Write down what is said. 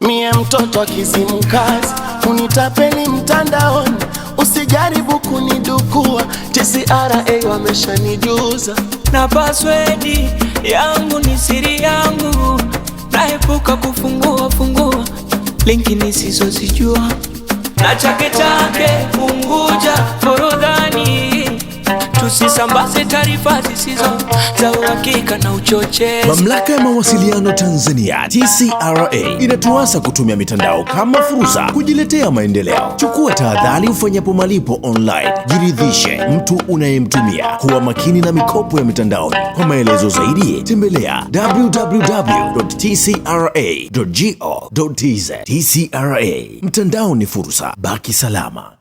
Mie mtoto kizimkazi, unitapeli mtandaoni, usijaribu kunidukua. TCRA wameshanijuza na paswedi yangu ni siri yangu, naepuka kufungua fungua linki nisizozijua na chake chake Unguja tusisambaze taarifa zisizo za uhakika na uchochezi. Mamlaka ya Mawasiliano Tanzania TCRA inatuasa kutumia mitandao kama fursa kujiletea maendeleo. Chukua tahadhari ufanyapo malipo online, jiridhishe mtu unayemtumia. Kuwa makini na mikopo ya mitandaoni. Kwa maelezo zaidi tembelea www.tcra.go.tz. TCRA, mtandao ni fursa, baki salama.